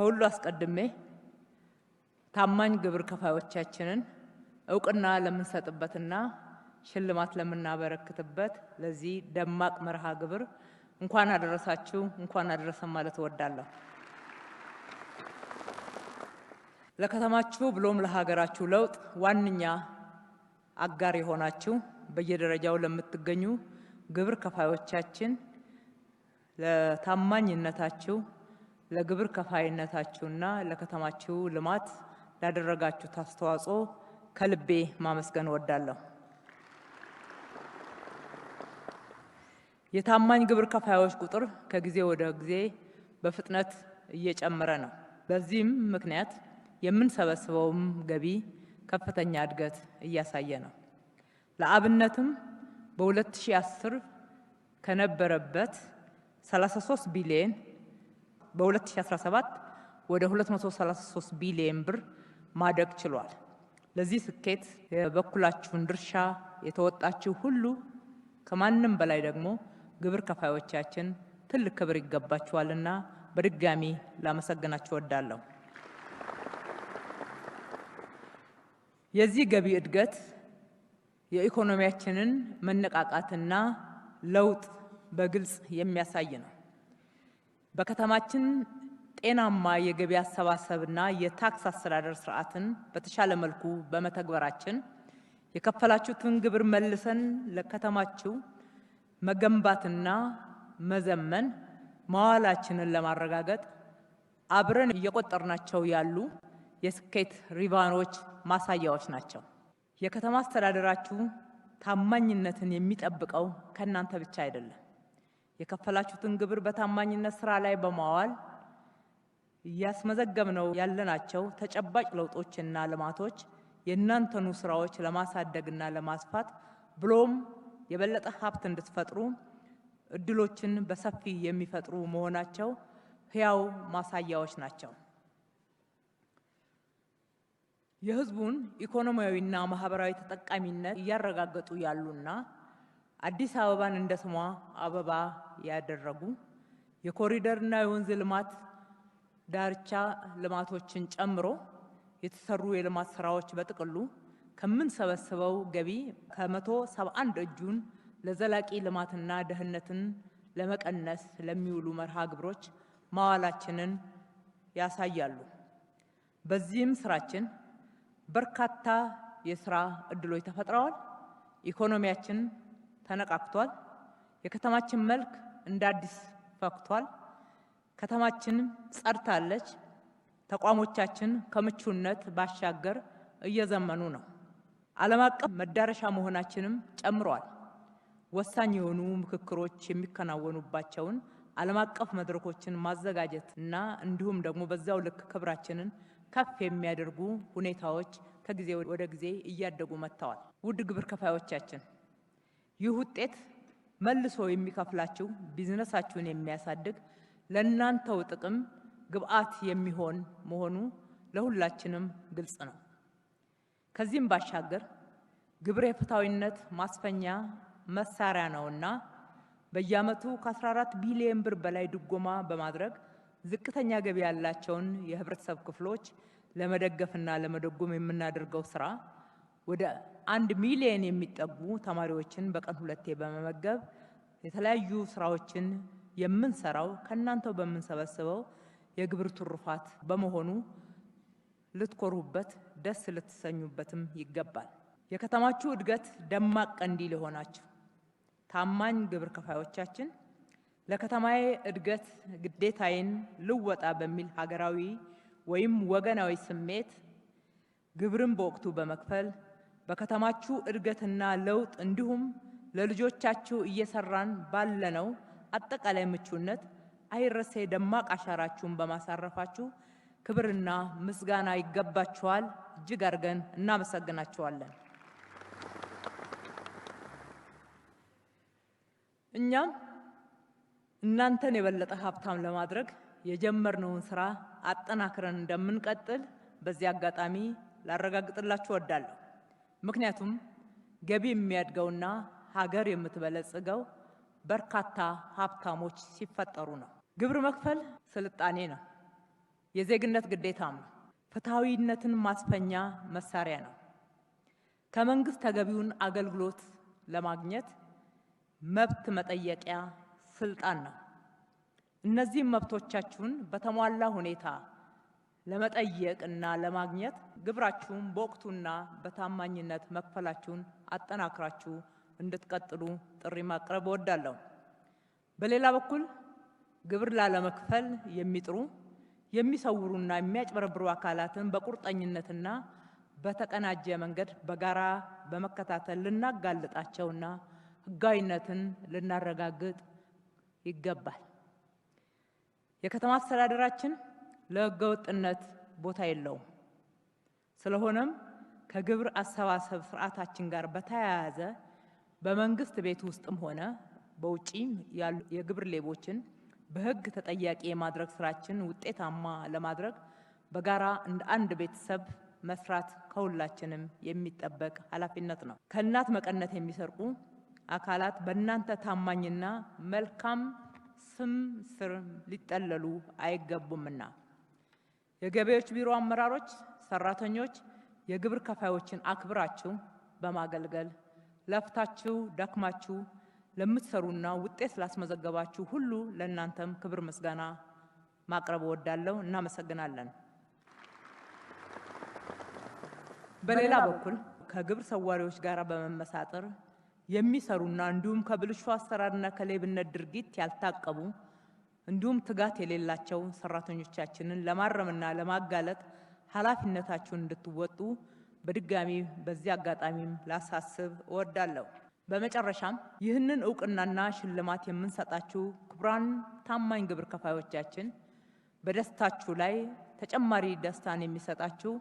ከሁሉ አስቀድሜ ታማኝ ግብር ከፋዮቻችንን እውቅና ለምንሰጥበትና ሽልማት ለምናበረክትበት ለዚህ ደማቅ መርሃ ግብር እንኳን አደረሳችሁ እንኳን አደረሰን ማለት እወዳለሁ። ለከተማችሁ ብሎም ለሀገራችሁ ለውጥ ዋነኛ አጋር የሆናችሁ በየደረጃው ለምትገኙ ግብር ከፋዮቻችን ለታማኝነታችሁ ለግብር ከፋይነታችሁና ለከተማችሁ ልማት ላደረጋችሁት አስተዋጽኦ ከልቤ ማመስገን ወዳለሁ። የታማኝ ግብር ከፋዮች ቁጥር ከጊዜ ወደ ጊዜ በፍጥነት እየጨመረ ነው። በዚህም ምክንያት የምንሰበስበውም ገቢ ከፍተኛ እድገት እያሳየ ነው። ለአብነትም በ2010 ከነበረበት 33 ቢሊዮን በ2017 ወደ 233 ቢሊዮን ብር ማደግ ችሏል። ለዚህ ስኬት የበኩላችሁን ድርሻ የተወጣችሁ ሁሉ ከማንም በላይ ደግሞ ግብር ከፋዮቻችን ትልቅ ክብር ይገባችኋልና በድጋሚ ላመሰግናችሁ እወዳለሁ። የዚህ ገቢ እድገት የኢኮኖሚያችንን መነቃቃትና ለውጥ በግልጽ የሚያሳይ ነው። በከተማችን ጤናማ የገቢ አሰባሰብና የታክስ አስተዳደር ስርዓትን በተሻለ መልኩ በመተግበራችን የከፈላችሁትን ግብር መልሰን ለከተማችሁ መገንባትና መዘመን መዋላችንን ለማረጋገጥ አብረን እየቆጠርናቸው ያሉ የስኬት ሪቫኖች ማሳያዎች ናቸው። የከተማ አስተዳደራችሁ ታማኝነትን የሚጠብቀው ከእናንተ ብቻ አይደለም። የከፈላችሁትን ግብር በታማኝነት ስራ ላይ በማዋል እያስመዘገብነው ያለናቸው ተጨባጭ ለውጦችና ልማቶች የእናንተኑ ስራዎች ለማሳደግና ለማስፋት ብሎም የበለጠ ሀብት እንድትፈጥሩ እድሎችን በሰፊ የሚፈጥሩ መሆናቸው ህያው ማሳያዎች ናቸው። የህዝቡን ኢኮኖሚያዊና ማህበራዊ ተጠቃሚነት እያረጋገጡ ያሉና አዲስ አበባን እንደ ስሟ አበባ ያደረጉ የኮሪደርና የወንዝ ልማት ዳርቻ ልማቶችን ጨምሮ የተሰሩ የልማት ስራዎች በጥቅሉ ከምንሰበስበው ገቢ ከመቶ ሰባ አንድ እጁን ለዘላቂ ልማትና ደህንነትን ለመቀነስ ለሚውሉ መርሃ ግብሮች ማዋላችንን ያሳያሉ። በዚህም ስራችን በርካታ የስራ እድሎች ተፈጥረዋል። ኢኮኖሚያችን ተነቃክቷል። የከተማችን መልክ እንደ አዲስ ፈክቷል። ከተማችንም ጸድታለች። ተቋሞቻችን ከምቹነት ባሻገር እየዘመኑ ነው። ዓለም አቀፍ መዳረሻ መሆናችንም ጨምሯል። ወሳኝ የሆኑ ምክክሮች የሚከናወኑባቸውን ዓለም አቀፍ መድረኮችን ማዘጋጀት እና እንዲሁም ደግሞ በዚያው ልክ ክብራችንን ከፍ የሚያደርጉ ሁኔታዎች ከጊዜ ወደ ጊዜ እያደጉ መጥተዋል። ውድ ግብር ከፋዮቻችን ይህ ውጤት መልሶ የሚከፍላችሁ ቢዝነሳችሁን የሚያሳድግ ለእናንተው ጥቅም ግብዓት የሚሆን መሆኑ ለሁላችንም ግልጽ ነው። ከዚህም ባሻገር ግብር የፍትሐዊነት ማስፈኛ መሳሪያ ነውና በየዓመቱ ከ14 ቢሊዮን ብር በላይ ድጎማ በማድረግ ዝቅተኛ ገቢ ያላቸውን የህብረተሰብ ክፍሎች ለመደገፍና ለመደጎም የምናደርገው ስራ ወደ አንድ ሚሊየን የሚጠጉ ተማሪዎችን በቀን ሁለቴ በመመገብ የተለያዩ ስራዎችን የምንሰራው ከእናንተው በምንሰበስበው የግብር ትሩፋት በመሆኑ ልትኮሩበት፣ ደስ ልትሰኙበትም ይገባል። የከተማችሁ እድገት ደማቅ ቀንዲል የሆናችሁ ታማኝ ግብር ከፋዮቻችን ለከተማዬ እድገት ግዴታዬን ልወጣ በሚል ሀገራዊ ወይም ወገናዊ ስሜት ግብርን በወቅቱ በመክፈል በከተማችሁ እድገትና ለውጥ እንዲሁም ለልጆቻችሁ እየሰራን ባለነው አጠቃላይ ምቹነት አይረሴ ደማቅ አሻራችሁን በማሳረፋችሁ ክብርና ምስጋና ይገባችኋል። እጅግ አድርገን እናመሰግናችኋለን። እኛም እናንተን የበለጠ ሀብታም ለማድረግ የጀመርነውን ስራ አጠናክረን እንደምንቀጥል በዚህ አጋጣሚ ላረጋግጥላችሁ እወዳለሁ። ምክንያቱም ገቢ የሚያድገውና ሀገር የምትበለጽገው በርካታ ሀብታሞች ሲፈጠሩ ነው። ግብር መክፈል ስልጣኔ ነው፣ የዜግነት ግዴታም ነው፣ ፍትሐዊነትን ማስፈኛ መሳሪያ ነው። ከመንግስት ተገቢውን አገልግሎት ለማግኘት መብት መጠየቂያ ስልጣን ነው። እነዚህም መብቶቻችሁን በተሟላ ሁኔታ ለመጠየቅ እና ለማግኘት ግብራችሁን በወቅቱና በታማኝነት መክፈላችሁን አጠናክራችሁ እንድትቀጥሉ ጥሪ ማቅረብ እወዳለሁ። በሌላ በኩል ግብር ላለመክፈል የሚጥሩ የሚሰውሩና የሚያጭበረብሩ አካላትን በቁርጠኝነትና በተቀናጀ መንገድ በጋራ በመከታተል ልናጋልጣቸውና ሕጋዊነትን ልናረጋግጥ ይገባል። የከተማ አስተዳደራችን ለህገወጥነት ቦታ የለውም። ስለሆነም ከግብር አሰባሰብ ስርዓታችን ጋር በተያያዘ በመንግስት ቤት ውስጥም ሆነ በውጪ ያሉ የግብር ሌቦችን በህግ ተጠያቂ የማድረግ ስራችን ውጤታማ ለማድረግ በጋራ እንደ አንድ ቤተሰብ መስራት ከሁላችንም የሚጠበቅ ኃላፊነት ነው። ከእናት መቀነት የሚሰርቁ አካላት በእናንተ ታማኝና መልካም ስም ስር ሊጠለሉ አይገቡምና የገቢዎች ቢሮ አመራሮች፣ ሰራተኞች የግብር ከፋዮችን አክብራችሁ በማገልገል ለፍታችሁ ደክማችሁ ለምትሰሩና ውጤት ስላስመዘገባችሁ ሁሉ ለእናንተም ክብር ምስጋና ማቅረብ እወዳለሁ። እናመሰግናለን። በሌላ በኩል ከግብር ሰዋሪዎች ጋር በመመሳጠር የሚሰሩና እንዲሁም ከብልሹ አሰራርና ከሌብነት ድርጊት ያልታቀቡ እንዲሁም ትጋት የሌላቸው ሰራተኞቻችንን ለማረምና ለማጋለጥ ኃላፊነታችሁን እንድትወጡ በድጋሚ በዚህ አጋጣሚም ላሳስብ እወዳለሁ። በመጨረሻም ይህንን እውቅናና ሽልማት የምንሰጣችሁ ክቡራን ታማኝ ግብር ከፋዮቻችን በደስታችሁ ላይ ተጨማሪ ደስታን የሚሰጣችሁ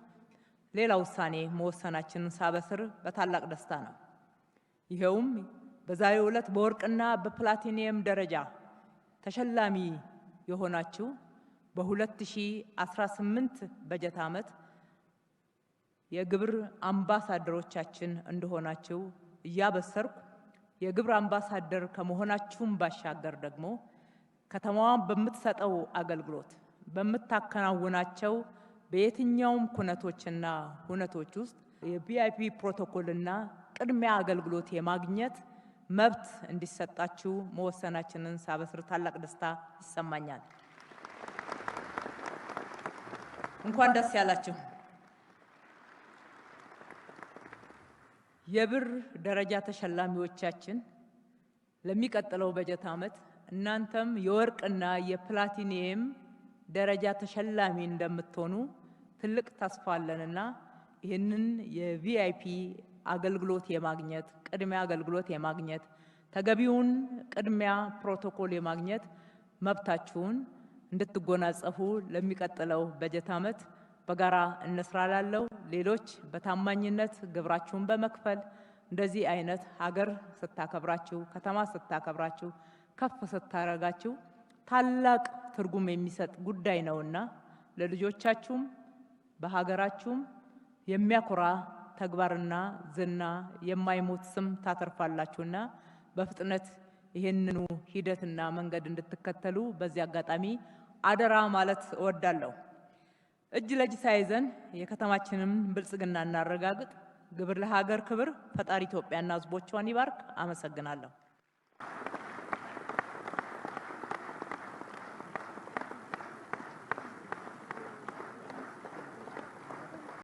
ሌላ ውሳኔ መወሰናችንን ሳበስር በታላቅ ደስታ ነው። ይኸውም በዛሬው ዕለት በወርቅና በፕላቲኒየም ደረጃ ተሸላሚ የሆናችሁ በ2018 በጀት ዓመት የግብር አምባሳደሮቻችን እንደሆናችሁ እያበሰርኩ የግብር አምባሳደር ከመሆናችሁም ባሻገር ደግሞ ከተማዋን በምትሰጠው አገልግሎት በምታከናውናቸው በየትኛውም ኩነቶችና ሁነቶች ውስጥ የቪአይፒ ፕሮቶኮልና ቅድሚያ አገልግሎት የማግኘት መብት እንዲሰጣችሁ መወሰናችንን ሳበስር ታላቅ ደስታ ይሰማኛል። እንኳን ደስ ያላችሁ። የብር ደረጃ ተሸላሚዎቻችን ለሚቀጥለው በጀት ዓመት እናንተም የወርቅና የፕላቲኒየም ደረጃ ተሸላሚ እንደምትሆኑ ትልቅ ተስፋ አለንና ይህንን የቪአይፒ አገልግሎት የማግኘት ቅድሚያ አገልግሎት የማግኘት ተገቢውን ቅድሚያ ፕሮቶኮል የማግኘት መብታችሁን እንድትጎናጸፉ ለሚቀጥለው በጀት ዓመት በጋራ እንስራ ላለው ሌሎች በታማኝነት ግብራችሁን በመክፈል እንደዚህ አይነት ሀገር ስታከብራችሁ፣ ከተማ ስታከብራችሁ፣ ከፍ ስታረጋችሁ ታላቅ ትርጉም የሚሰጥ ጉዳይ ነውና ለልጆቻችሁም በሀገራችሁም የሚያኮራ ተግባርና ዝና የማይሞት ስም ታተርፋላችሁና በፍጥነት ይህንኑ ሂደትና መንገድ እንድትከተሉ በዚህ አጋጣሚ አደራ ማለት እወዳለሁ። እጅ ለእጅ ተያይዘን የከተማችንን ብልጽግና እናረጋግጥ። ግብር ለሀገር ክብር። ፈጣሪ ኢትዮጵያና ሕዝቦቿን ይባርክ። አመሰግናለሁ።